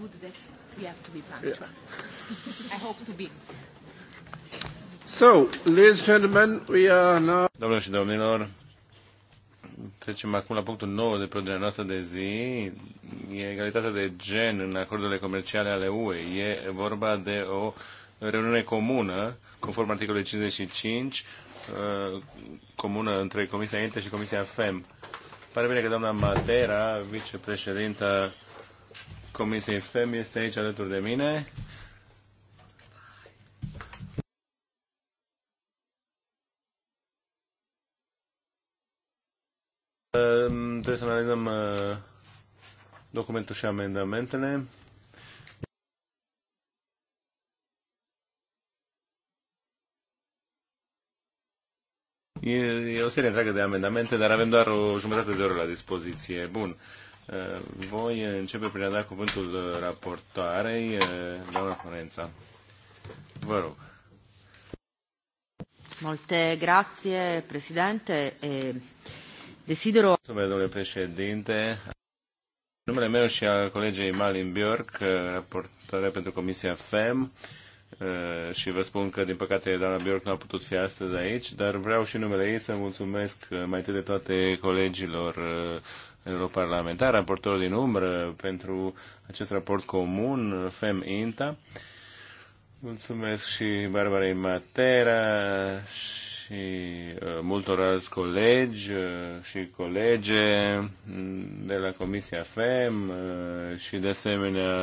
good that we have to be punctual. Yeah. I hope to be. So, ladies and gentlemen, we are now... Doamnelor și domnilor, trecem acum la punctul 9 de programa noastră de zi. E egalitatea de gen în acordurile comerciale ale UE. E vorba de o reuniune comună, conform articolului 55, uh, comună între Comisia Inter și Comisia FEM. Pare bine că doamna Matera, vicepreședintă Comisiei FEM este aici alături de mine. Trebuie să analizăm uh, documentul și amendamentele. E, o serie întreagă de amendamente, dar avem doar o jumătate de oră la dispoziție. Bun. Eh, voi începe prin a da cuvântul eh, raportoarei, eh, doamna Florența. Vă rog. Multe grazie, președinte. E desidero... Mulțumesc, domnule președinte. Numele meu și al colegei Malin Bjork, raportoare pentru Comisia FEM, și vă spun că, din păcate, doamna Bjork nu a putut fi astăzi aici, dar vreau și numele ei să mulțumesc mai întâi de toate colegilor europarlamentar, raportor din umbră pentru acest raport comun, FEM-INTA. Mulțumesc și Barbarei Matera și uh, multor alți colegi uh, și colege mm, de la Comisia FEM uh, și de asemenea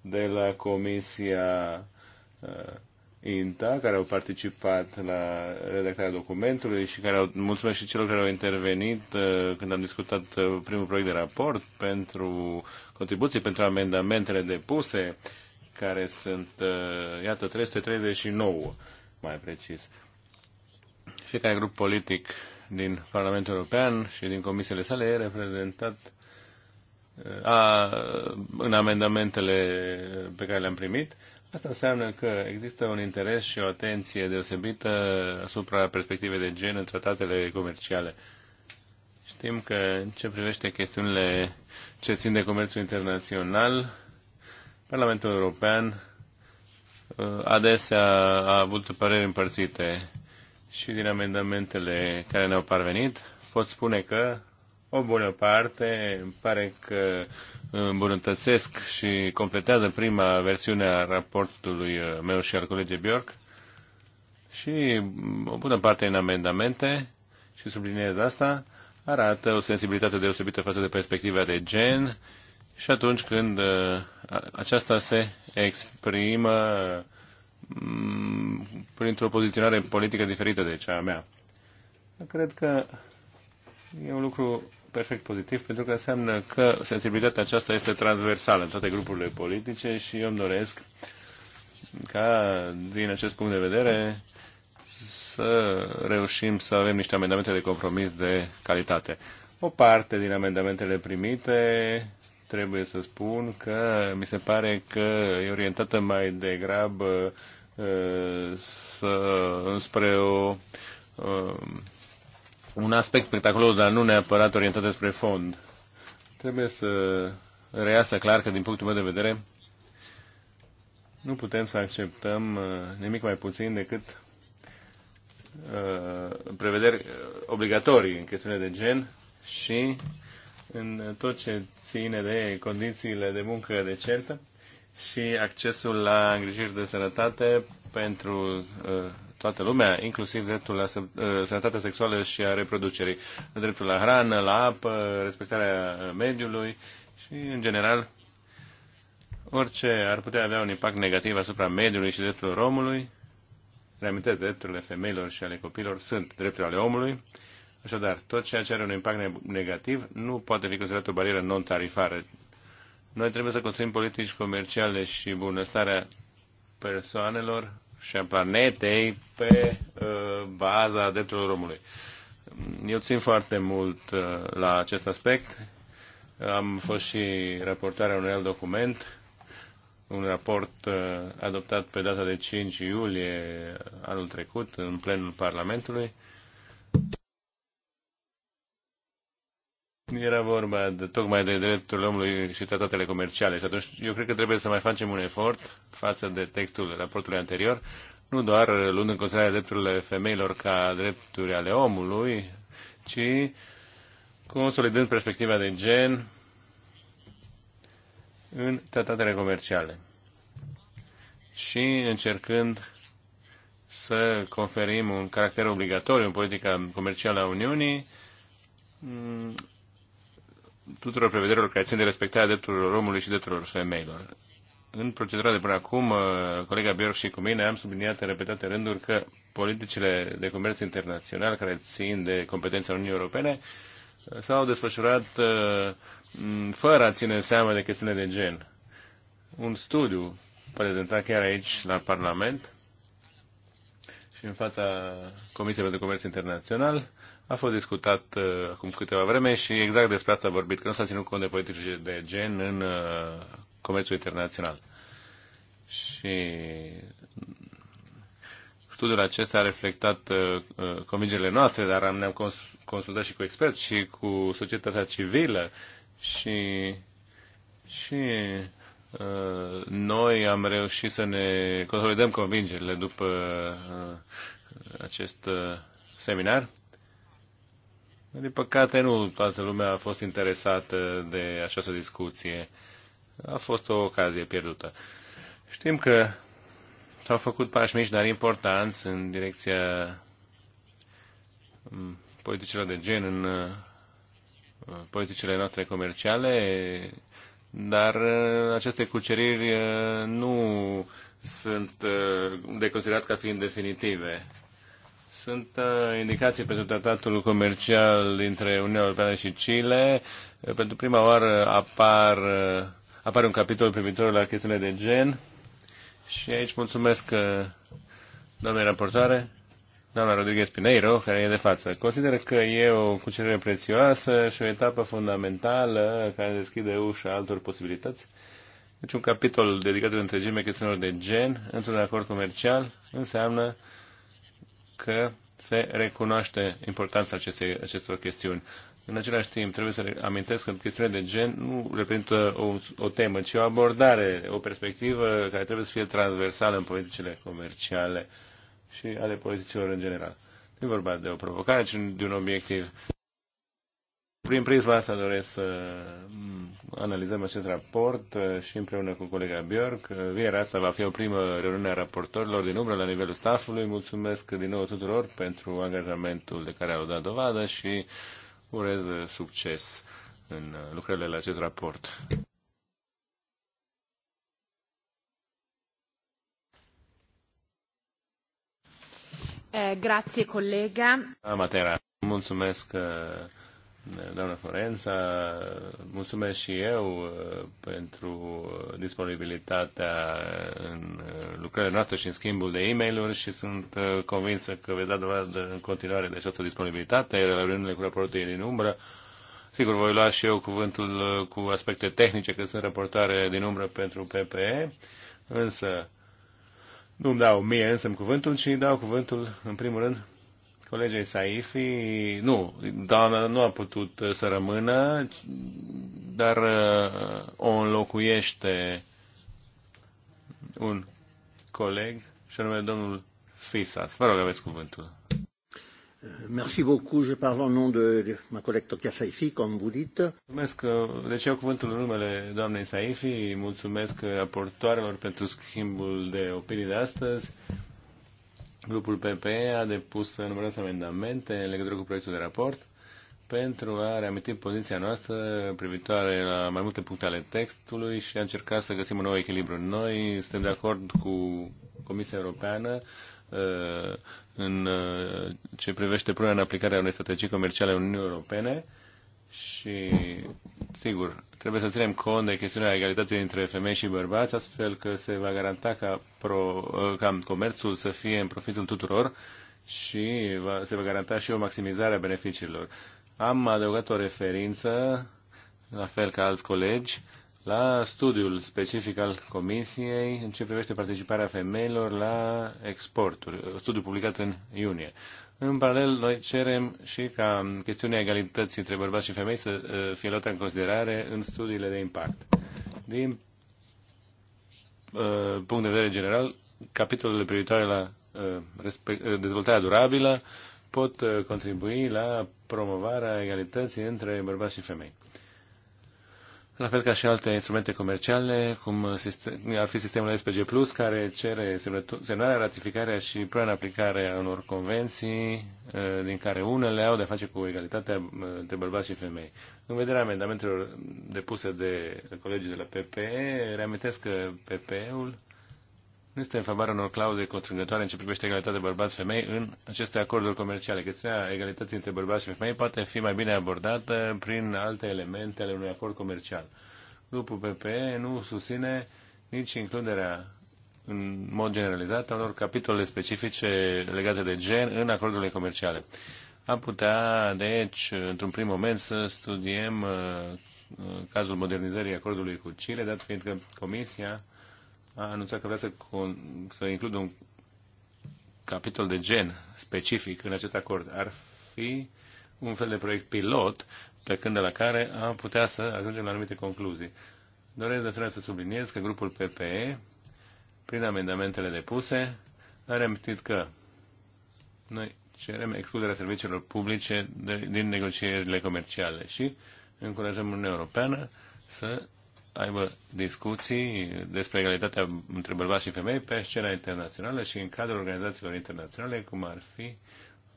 de la Comisia uh, INTA, care au participat la redactarea documentului și care au, mulțumesc și celor care au intervenit uh, când am discutat uh, primul proiect de raport pentru contribuții, pentru amendamentele depuse, care sunt, uh, iată, 339, mai precis. Fiecare grup politic din Parlamentul European și din comisiile sale e reprezentat a, în amendamentele pe care le-am primit Asta înseamnă că există un interes și o atenție deosebită asupra perspectivei de gen în tratatele comerciale. Știm că în ce privește chestiunile ce țin de comerțul internațional, Parlamentul European uh, adesea a avut păreri împărțite și din amendamentele care ne-au parvenit pot spune că o bună parte, îmi pare că îmbunătățesc și completează prima versiune a raportului uh, meu și al colegii Bjork și mm, o bună parte în amendamente, și subliniez asta, arată o sensibilitate deosebită față de perspectiva de gen și atunci când uh, aceasta se exprimă mm, printr-o poziționare politică diferită de cea a mea. Cred că E un lucru perfect pozitiv pentru că înseamnă că sensibilitatea aceasta este transversală în toate grupurile politice și eu îmi doresc ca, din acest punct de vedere, să reușim să avem niște amendamente de compromis de calitate. O parte din amendamentele primite trebuie să spun că mi se pare că e orientată mai degrabă uh, să, spre o um, un aspect spectaculos, dar nu neapărat orientat spre fond. Trebuie să reiasă clar că, din punctul meu de vedere, nu putem să acceptăm uh, nimic mai puțin decât uh, prevederi uh, obligatorii în chestiune de gen și în tot ce ține de condițiile de muncă decentă și accesul la îngrijiri de sănătate pentru toată lumea, inclusiv dreptul la ă, sănătatea sexuală și a reproducerii, dreptul la hrană, la apă, respectarea mediului și, în general, orice ar putea avea un impact negativ asupra mediului și drepturilor omului. Reamintesc, drepturile femeilor și ale copilor sunt drepturile ale omului. Așadar, tot ceea ce are un impact negativ nu poate fi considerat o barieră non-tarifară. Noi trebuie să construim politici comerciale și bunăstarea persoanelor și a planetei pe uh, baza drepturilor omului. Eu țin foarte mult uh, la acest aspect. Am fost și raportarea unui alt document, un raport uh, adoptat pe data de 5 iulie anul trecut în plenul Parlamentului. Era vorba de, tocmai de drepturile omului și tratatele comerciale și atunci eu cred că trebuie să mai facem un efort față de textul raportului anterior, nu doar luând în considerare drepturile femeilor ca drepturi ale omului, ci consolidând perspectiva de gen în tratatele comerciale și încercând să conferim un caracter obligatoriu în politica comercială a Uniunii tuturor prevederilor care țin de respectarea drepturilor omului și drepturilor femeilor. În procedura de până acum, uh, colega Bjork și cu mine am subliniat în repetate rânduri că politicile de comerț internațional care țin de competența Uniunii Europene uh, s-au desfășurat uh, fără a ține seama de chestiune de gen. Un studiu prezentat chiar aici la Parlament și în fața Comisiei pentru Comerț Internațional a fost discutat uh, acum câteva vreme și exact despre asta a vorbit, că nu s-a ținut cont de politici de gen în uh, comerțul internațional. Și studiul acesta a reflectat uh, uh, convingerile noastre, dar am, ne-am cons- consultat și cu experți și cu societatea civilă și, și uh, noi am reușit să ne consolidăm convingerile după uh, acest uh, seminar din păcate, nu toată lumea a fost interesată de această discuție. A fost o ocazie pierdută. Știm că s-au făcut pași mici, dar importanți, în direcția mm, politicilor de gen, în mm, politicile noastre comerciale, dar mm, aceste cuceriri nu sunt de considerat ca fiind definitive. Sunt uh, indicații pentru tratatul comercial dintre Uniunea Europeană și Chile. Uh, pentru prima oară apar, uh, apare un capitol privitor la chestiunile de gen. Și aici mulțumesc doamnei raportoare, doamna Rodriguez Pineiro, care e de față. Consider că e o cucerire prețioasă și o etapă fundamentală care deschide ușa altor posibilități. Deci un capitol dedicat de întregime chestiunilor de gen într-un acord comercial înseamnă că se recunoaște importanța acestei, acestor chestiuni. În același timp, trebuie să amintesc că chestiunea de gen nu reprezintă o, o temă, ci o abordare, o perspectivă care trebuie să fie transversală în politicile comerciale și ale politicilor în general. Nu e vorba de o provocare, ci de un obiectiv prin prisma asta doresc să mm, analizăm acest raport uh, și împreună cu colega Björk. Uh, Viera asta va fi o primă reuniune a raportorilor din umbră la nivelul staffului. Mulțumesc din nou tuturor pentru angajamentul de care au dat dovadă și urez uh, succes în lucrările la acest raport. Eh, grazie, colega. Matera, mulțumesc doamna Forența, mulțumesc și eu uh, pentru disponibilitatea în uh, lucrările noastre și în schimbul de e mail și sunt uh, convinsă că veți da dovadă în continuare de această disponibilitate, reuniunile cu raportul din umbră. Sigur, voi lua și eu cuvântul cu aspecte tehnice, că sunt raportare din umbră pentru PPE, însă nu-mi dau mie însă cuvântul, ci dau cuvântul, în primul rând, Colegii Saifi, nu, doamna nu a putut uh, să rămână, dar uh, o înlocuiește un coleg, și anume domnul Fisas. Vă rog, aveți cuvântul. Merci beaucoup. Je parle en nom de ma collègue Tokia Saifi, comme vous dites. Mulțumesc. Uh, deci eu cuvântul în numele doamnei Saifi. Mulțumesc raportoarelor pentru schimbul de opinii de astăzi. Grupul PPE a depus numeroase amendamente în legătură cu proiectul de raport pentru a reaminti poziția noastră privitoare la mai multe puncte ale textului și a încerca să găsim un nou echilibru. Noi suntem de acord cu Comisia Europeană uh, în uh, ce privește punerea în aplicare a unei strategii comerciale a Uniunii Europene și sigur, trebuie să ținem cont de chestiunea egalității între femei și bărbați, astfel că se va garanta ca, pro, ca comerțul să fie în profitul tuturor și va, se va garanta și o maximizare a beneficiilor. Am adăugat o referință, la fel ca alți colegi, la studiul specific al Comisiei în ce privește participarea femeilor la exporturi, studiu publicat în iunie. În paralel, noi cerem și ca chestiunea egalității între bărbați și femei să uh, fie luată în considerare în studiile de impact. Din uh, punct de vedere general, capitolele privitoare la uh, dezvoltarea durabilă pot contribui la promovarea egalității între bărbați și femei la fel ca și alte instrumente comerciale, cum ar fi sistemul SPG+, care cere semnarea, ratificarea și prea în aplicare a unor convenții, eh, din care unele au de face cu egalitatea eh, între bărbați și femei. În vederea amendamentelor depuse de colegii de la PPE, reamintesc că PPE-ul nu este în favoarea unor clauze constrângătoare în ce privește egalitatea bărbați-femei în aceste acorduri comerciale. Chestiunea egalității între bărbați și femei poate fi mai bine abordată prin alte elemente ale unui acord comercial. Grupul PPE nu susține nici includerea în mod generalizat a unor capitole specifice legate de gen în acordurile comerciale. Am putea, deci, într-un prim moment să studiem uh, uh, cazul modernizării acordului cu Chile, dat fiindcă Comisia a anunțat că vrea să, con- să includă un capitol de gen specific în acest acord. Ar fi un fel de proiect pilot când de la care am putea să ajungem la anumite concluzii. Doresc de să subliniez că grupul PPE, prin amendamentele depuse, a reamintit că noi cerem excluderea serviciilor publice de, din negocierile comerciale și încurajăm Uniunea Europeană să aibă discuții despre egalitatea între bărbați și femei pe scena internațională și în cadrul organizațiilor internaționale, cum ar fi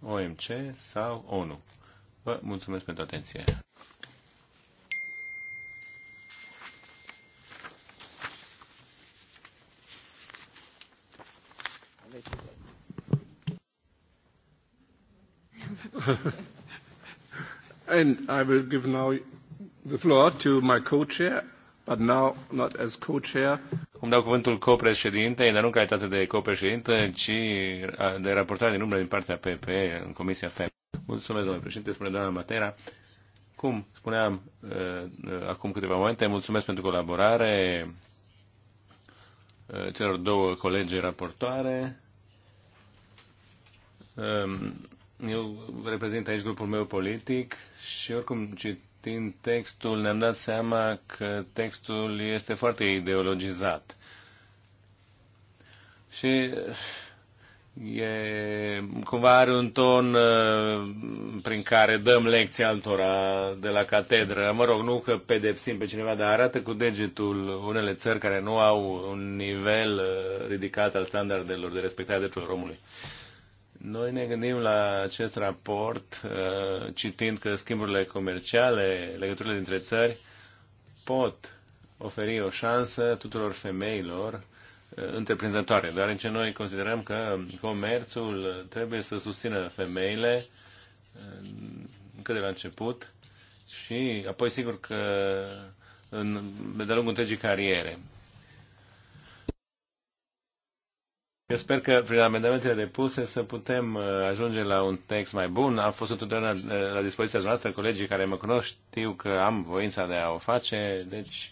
OMC sau ONU. Vă mulțumesc pentru atenție. And I will give now the floor to my co-chair, but now not as co-chair. Îmi dau cuvântul copreședinte, dar nu în calitate de copreședinte, ci de raportare din umbră din partea PPE, în Comisia FEM. Mulțumesc, domnule președinte, spune doamna Matera. Cum spuneam acum câteva momente, mulțumesc pentru colaborare celor două colegi raportoare. Eu reprezint aici grupul meu politic și oricum cit citind textul ne-am dat seama că textul este foarte ideologizat. Și e, cumva are un ton uh, prin care dăm lecții altora de la catedră. Mă rog, nu că pedepsim pe cineva, dar arată cu degetul unele țări care nu au un nivel uh, ridicat al standardelor de respectare a drepturilor omului. Noi ne gândim la acest raport uh, citind că schimburile comerciale, legăturile dintre țări, pot oferi o șansă tuturor femeilor uh, întreprinzătoare, deoarece noi considerăm că comerțul trebuie să susțină femeile uh, încă de la început și apoi sigur că în, de-a lungul întregii cariere. Eu sper că prin amendamentele depuse să putem uh, ajunge la un text mai bun. Am fost întotdeauna uh, la dispoziția noastră, colegii care mă cunosc știu că am voința de a o face, deci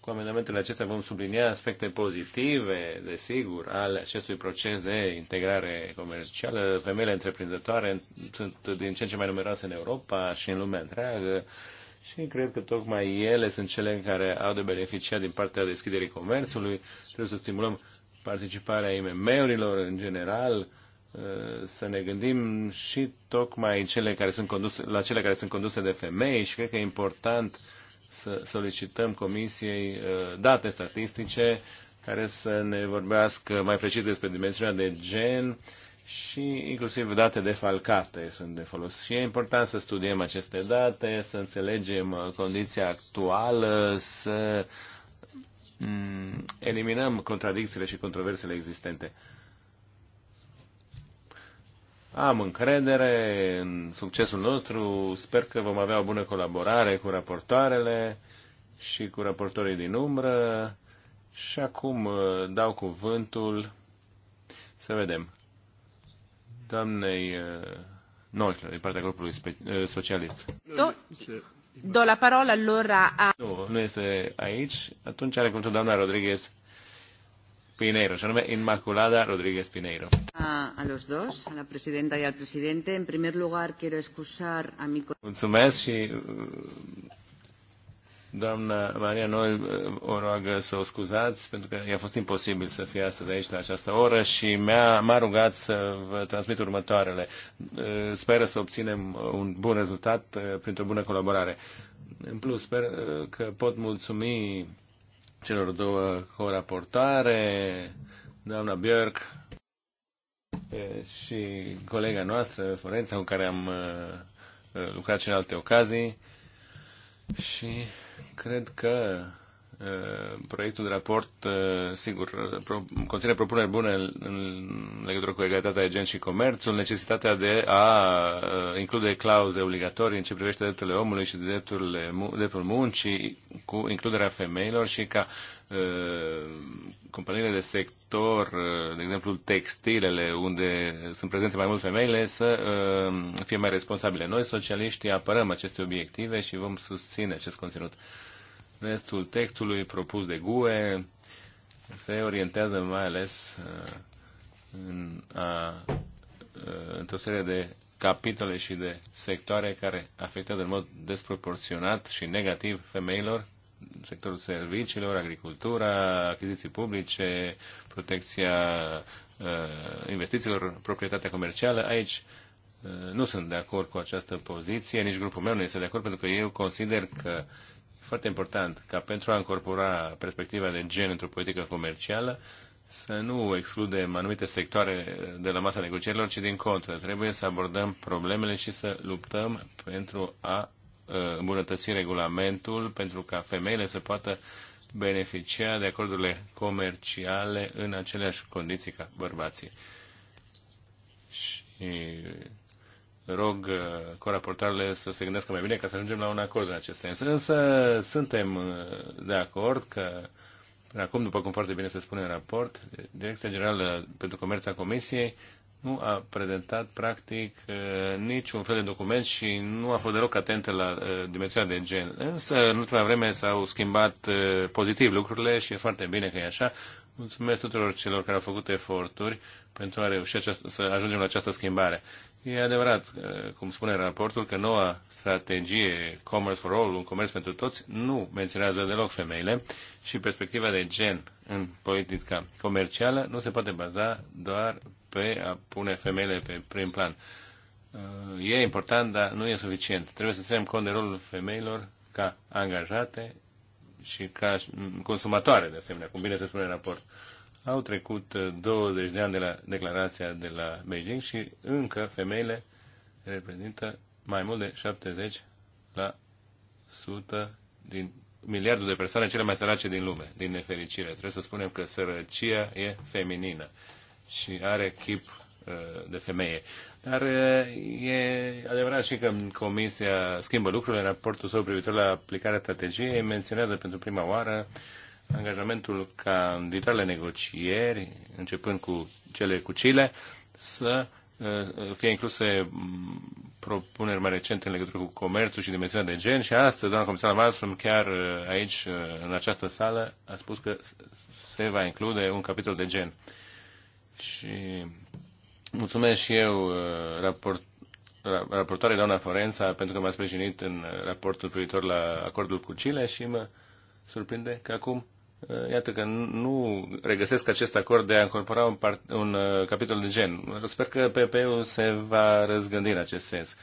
cu amendamentele acestea vom sublinia aspecte pozitive, desigur, ale acestui proces de integrare comercială. Femeile întreprinzătoare sunt din ce în ce mai numeroase în Europa și în lumea întreagă și cred că tocmai ele sunt cele care au de beneficiat din partea deschiderii comerțului. Trebuie să stimulăm participarea IMM-urilor în general, uh, să ne gândim și tocmai cele care sunt conduse, la cele care sunt conduse de femei și cred că e important să solicităm comisiei uh, date statistice care să ne vorbească mai precis despre dimensiunea de gen și inclusiv date defalcate sunt de folos. Și e important să studiem aceste date, să înțelegem uh, condiția actuală, să mm, eliminăm contradicțiile și controversele existente. Am încredere în succesul nostru, sper că vom avea o bună colaborare cu raportoarele și cu raportorii din umbră și acum uh, dau cuvântul să vedem doamnei uh, noștri din partea grupului uh, socialist. Do, do la parola allora a... Nu, nu este aici. Atunci are cuvântul doamna Rodriguez Pineiro, și anume Inmaculada Rodríguez Pineiro. A, a los dos, a la presidenta y al presidente. En primer lugar, quiero excusar a mi... Mulțumesc și uh, doamna Maria noi uh, o roagă să o scuzați, pentru că i-a fost imposibil să fie astăzi aici la această oră și m-a, m-a rugat să vă transmit următoarele. Uh, Speră să obținem un bun rezultat printr-o bună colaborare. În plus, sper că pot mulțumi celor două coraportoare, doamna Björk și colega noastră, Florența, cu care am lucrat și în alte ocazii. Și cred că Eh, proiectul de raport, eh, sigur, eh, conține propuneri bune în legătură cu egalitatea de gen și comerțul, necesitatea de a include clauze obligatorii în ce privește drepturile omului și drepturile, dreptul muncii, cu includerea femeilor și ca companiile de sector, de exemplu textilele, unde sunt prezente mai mult femeile, să fie mai responsabile. Noi, socialiștii, apărăm aceste obiective și vom susține acest conținut. Restul textului propus de GUE se orientează mai ales uh, în a, uh, într-o serie de capitole și de sectoare care afectează în mod desproporționat și negativ femeilor, sectorul serviciilor, agricultura, achiziții publice, protecția uh, investițiilor, proprietatea comercială. Aici nu sunt de acord cu această poziție, nici grupul meu nu este de acord, pentru că eu consider că uh, foarte important ca pentru a încorpora perspectiva de gen într-o politică comercială, să nu excludem anumite sectoare de la masa negocierilor, ci din contră. Trebuie să abordăm problemele și să luptăm pentru a uh, îmbunătăți regulamentul, pentru ca femeile să poată beneficia de acordurile comerciale în aceleași condiții ca bărbații. Și rog uh, coraportarele să se gândească mai bine ca să ajungem la un acord în acest sens. Însă suntem uh, de acord că acum, după cum foarte bine se spune în raport, Direcția Generală pentru Comerț a Comisiei nu a prezentat practic uh, niciun fel de document și nu a fost deloc atentă la dimensiunea de gen. Însă, în ultima vreme s-au schimbat pozitiv lucrurile și e foarte bine că e așa. Mulțumesc tuturor celor care au făcut eforturi pentru a reuși această, să ajungem la această schimbare. E adevărat, uh, cum spune raportul, că noua strategie Commerce for All, un comerț pentru toți, nu menționează deloc femeile și perspectiva de gen în politica comercială nu se poate baza doar pe a pune femeile pe prim plan. Uh, e important, dar nu e suficient. Trebuie să ținem cont de rolul femeilor ca angajate și ca consumatoare, de asemenea, cum bine se spune în raport. Au trecut 20 uh, de ani de la declarația de la Beijing și încă femeile reprezintă mai mult de 70 la 100 din miliardul de persoane cele mai sărace din lume, din nefericire. Trebuie să spunem că sărăcia e feminină și are chip uh, de femeie. Dar uh, e adevărat și că Comisia schimbă lucrurile în raportul său privitor la aplicarea strategiei, menționează pentru prima oară uh, angajamentul ca în viitoarele negocieri, începând cu cele cu Chile, să uh, uh, fie incluse mm, propuneri mai recente în legătură cu comerțul și dimensiunea de gen și astăzi doamna comisar Malmström chiar uh, aici, în această sală, a spus că se va include un capitol de gen. Și mulțumesc și eu raport, raportoare doamna Forența pentru că m-a sprijinit în raportul privitor la acordul cu Chile și mă surprinde că acum Uh, iată că nu regăsesc acest acord de a încorpora un, part, un uh, capitol de gen. Sper că PP-ul se va răzgândi în acest sens.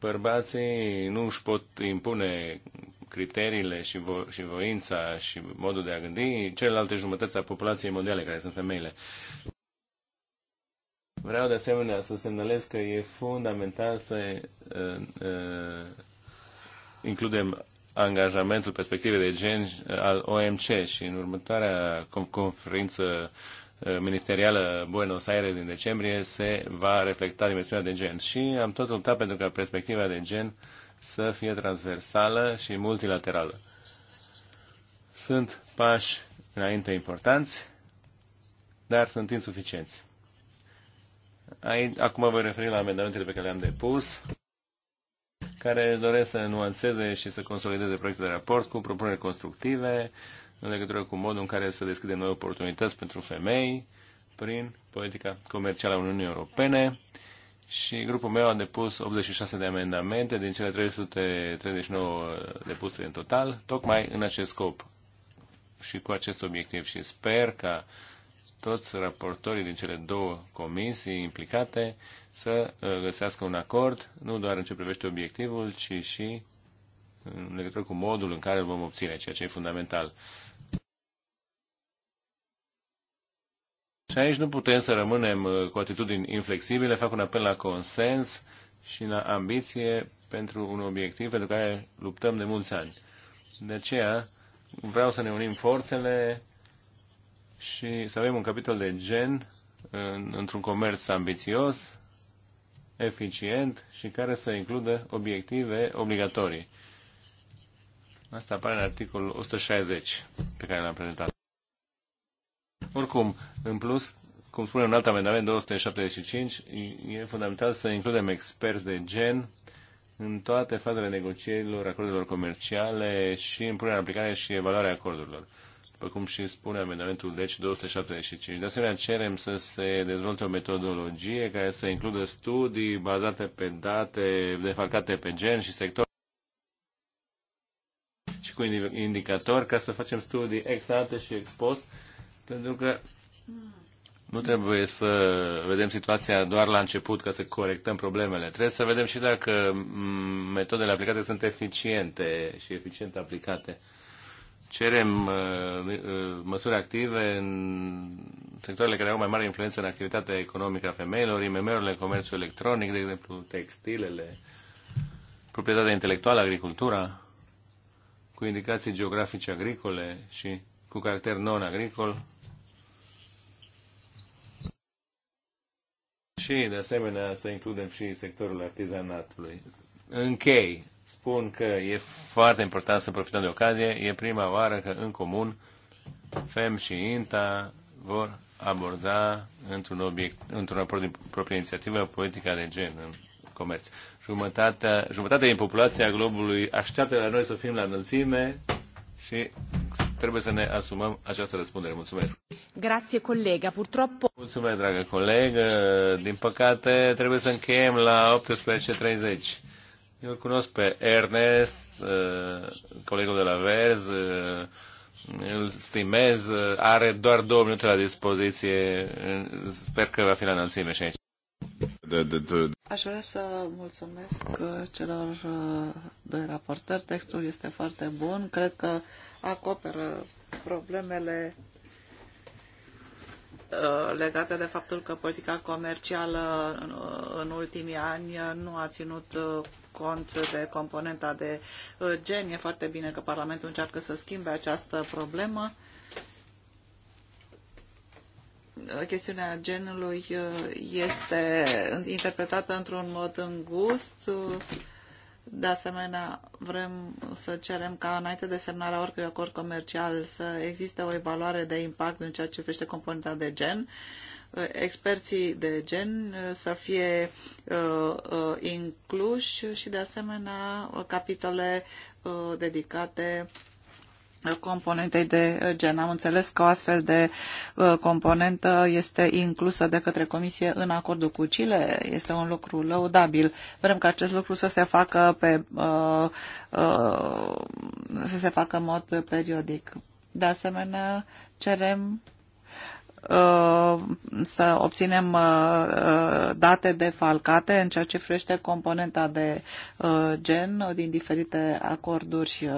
Bărbații nu își pot impune criteriile și, vo- și voința și modul de a gândi celelalte jumătăți a populației mondiale, care sunt femeile. Vreau de asemenea să semnalez că e fundamental să uh, uh, includem angajamentul perspective de gen uh, al OMC și în următoarea conferință uh, ministerială Buenos Aires din decembrie se va reflecta dimensiunea de gen. Și am tot luptat pentru ca perspectiva de gen să fie transversală și multilaterală. Sunt pași înainte importanți, dar sunt insuficienți. Acum acum voi referi la amendamentele pe care le-am depus care doresc să nuanțeze și să consolideze proiectul de raport cu propuneri constructive în legătură cu modul în care să deschidem noi oportunități pentru femei prin politica comercială a Uniunii Europene și grupul meu a depus 86 de amendamente din cele 339 depuse în total, tocmai în acest scop și cu acest obiectiv și sper ca că toți raportorii din cele două comisii implicate să uh, găsească un acord, nu doar în ce privește obiectivul, ci și în legătură cu modul în care îl vom obține, ceea ce e fundamental. Și aici nu putem să rămânem uh, cu atitudini inflexibile, fac un apel la consens și la ambiție pentru un obiectiv pentru care luptăm de mulți ani. De aceea vreau să ne unim forțele și să avem un capitol de gen în, într-un comerț ambițios, eficient și care să includă obiective obligatorii. Asta apare în articolul 160 pe care l-am prezentat. Oricum, în plus, cum spune un alt amendament 275, e fundamental să includem experți de gen în toate fazele negocierilor, acordurilor comerciale și în punerea în aplicare și evaluarea acordurilor după cum și spune amendamentul deci 275. De asemenea, cerem să se dezvolte o metodologie care să includă studii bazate pe date defalcate pe gen și sector și cu indicatori ca să facem studii ex ante și ex post, pentru că nu trebuie să vedem situația doar la început ca să corectăm problemele. Trebuie să vedem și dacă metodele aplicate sunt eficiente și eficient aplicate cerem uh, uh, măsuri active în sectoarele care au mai mare influență în activitatea economică a femeilor, IMM-urile, comerțul electronic, de exemplu, textilele, proprietatea intelectuală, agricultura, cu indicații geografice agricole și cu caracter non-agricol. Și, de asemenea, să includem și sectorul artizanatului. Închei spun că e foarte important să profităm de ocazie. E prima oară că în comun FEM și INTA vor aborda într-un, obiect, într-un raport din proprie inițiativă politica de gen în comerț. Jumătatea, jumătatea din populația globului așteaptă la noi să fim la înălțime și trebuie să ne asumăm această răspundere. Mulțumesc! Grație, colega. Purtroppo... Mulțumesc, dragă colegă. Din păcate, trebuie să încheiem la 18.30. Eu îl cunosc pe Ernest, uh, colegul de la Verz, uh, îl stimez, uh, are doar două minute la dispoziție, sper că va fi la înălțime și aici. De, de, de. Aș vrea să mulțumesc celor doi raportări. Textul este foarte bun. Cred că acoperă problemele legate de faptul că politica comercială în ultimii ani nu a ținut cont de componenta de uh, gen. E foarte bine că Parlamentul încearcă să schimbe această problemă. Uh, chestiunea genului uh, este interpretată într-un mod îngust. De asemenea, vrem să cerem ca înainte de semnarea oricui acord comercial să existe o evaluare de impact în ceea ce privește componenta de gen experții de gen uh, să fie uh, uh, incluși și de asemenea capitole dedicate componentei de gen. Am înțeles că o astfel de componentă este inclusă de către Comisie în acordul cu Chile. Este un lucru lăudabil. Vrem ca acest lucru să se facă pe, să se facă în mod periodic. De asemenea, cerem Uh, să obținem uh, uh, date defalcate în ceea ce privește componenta de gen din diferite acorduri.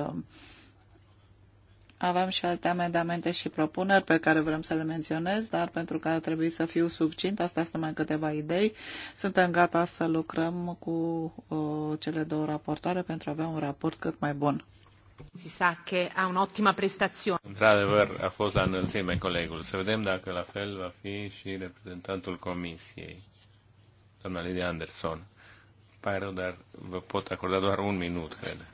Aveam și alte amendamente și propuneri pe care vrem să le menționez, dar pentru că ar trebui să fiu succint, astea sunt mai câteva idei. Suntem gata să lucrăm cu cele două raportoare pentru a avea un raport cât mai bun. Si sa che ha un'ottima prestazione. Într-adevăr, a fost la înălțime colegul. Să vedem dacă la fel va fi și reprezentantul comisiei, doamna Lidia Anderson. Pare rău, dar vă pot acorda doar un minut, cred.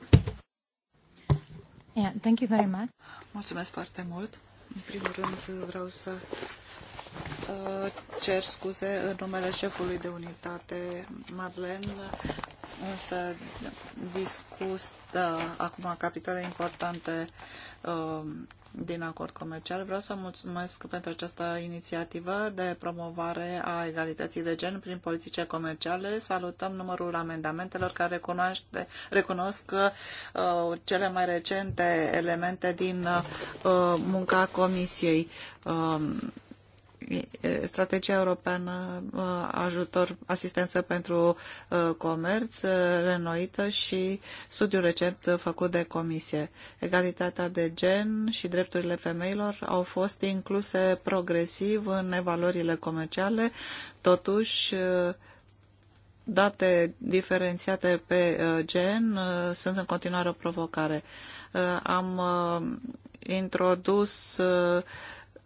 Yeah, thank you very much. Mulțumesc foarte mult. În primul rând vreau să Uh, cer scuze în numele șefului de unitate, Madlen, însă discus uh, acum capitole importante uh, din acord comercial. Vreau să mulțumesc pentru această inițiativă de promovare a egalității de gen prin politice comerciale. Salutăm numărul amendamentelor care recunoaște, recunosc uh, cele mai recente elemente din uh, munca Comisiei. Uh, strategia europeană uh, ajutor, asistență pentru uh, comerț uh, renoită și studiul recent făcut de comisie. Egalitatea de gen și drepturile femeilor au fost incluse progresiv în evaluările comerciale, totuși date diferențiate pe gen sunt în continuare o provocare. Am introdus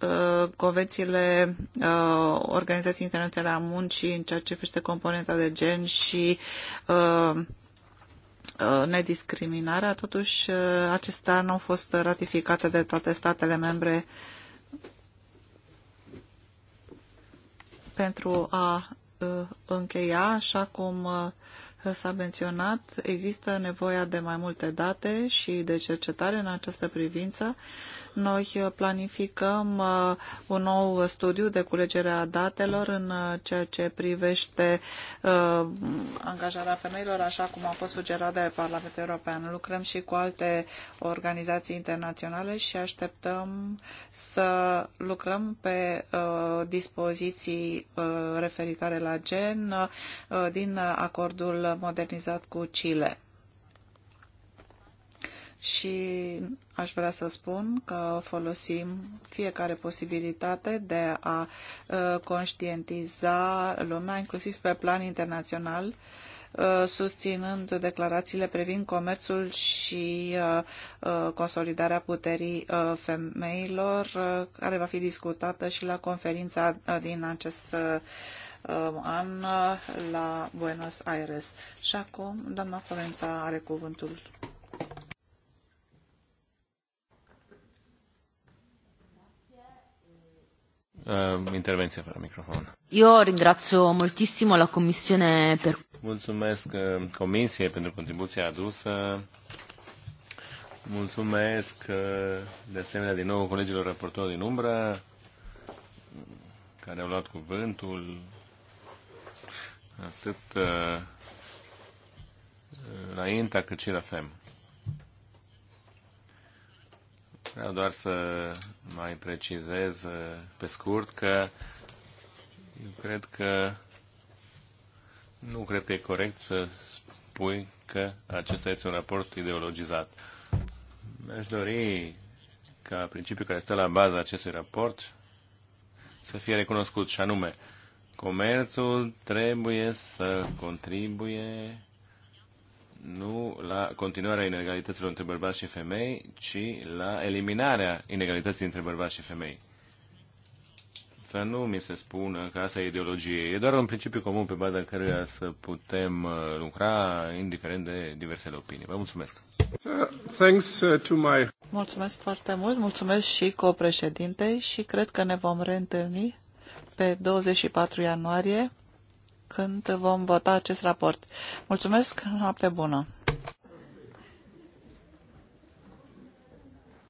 Uh, convențiile uh, Organizației Internaționale a Muncii în ceea ce privește componenta de gen și uh, nediscriminarea, totuși acestea nu au fost ratificate de toate statele membre pentru a încheia, așa cum s-a menționat, există nevoia de mai multe date și de cercetare în această privință. Noi uh, planificăm uh, un nou studiu de culegere a datelor în uh, ceea ce privește angajarea femeilor, așa cum a fost sugerat de Parlamentul European. Lucrăm și cu alte organizații internaționale și așteptăm să lucrăm pe dispoziții referitoare la gen din acordul modernizat cu Chile. Și aș vrea să spun că folosim fiecare posibilitate de a uh, conștientiza lumea, inclusiv pe plan internațional, uh, susținând declarațiile privind comerțul și uh, consolidarea puterii femeilor, care va fi discutată și la conferința din acest Um, an uh, la Buenos Aires. Și acum, doamna Florența are cuvântul. Uh, intervenție fără microfon. Eu ringrazio moltissimo la Commissione per... Mulțumesc uh, Comisiei pentru contribuția adusă. Mulțumesc uh, de asemenea din nou colegilor raportori din umbră care au luat cuvântul atât la uh, INTA cât și la FEM. Vreau doar să mai precizez uh, pe scurt că eu cred că nu cred că e corect să spui că acesta este un raport ideologizat. Mi-aș dori ca principiul care stă la baza acestui raport să fie recunoscut și anume Comerțul trebuie să contribuie nu la continuarea inegalităților între bărbați și femei, ci la eliminarea inegalității între bărbați și femei. Să nu mi se spună că asta e ideologie. E doar un principiu comun pe baza căruia să putem uh, lucra, indiferent de diversele opinii. Vă mulțumesc! Thanks uh, to my... Mulțumesc foarte mult, mulțumesc și co-președintei și cred că ne vom reîntâlni pe 24 ianuarie, când vom vota acest raport. Mulțumesc, noapte bună!